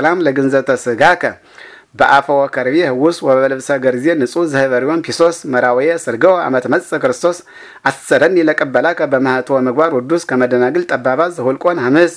ሰላም ለግንዘተ ስጋከ በአፈወ ከርቤ ህውስ ወበልብሰ ገርዜ ንጹሕ ዘህበሪዮን ፒሶስ መራወየ ስርገው አመት መጽ ክርስቶስ አሰረኒ ለቀበላከ በማህቶ ምግባር ውዱስ ከመደናግል ጠባባ ዘሁልቆን አምስ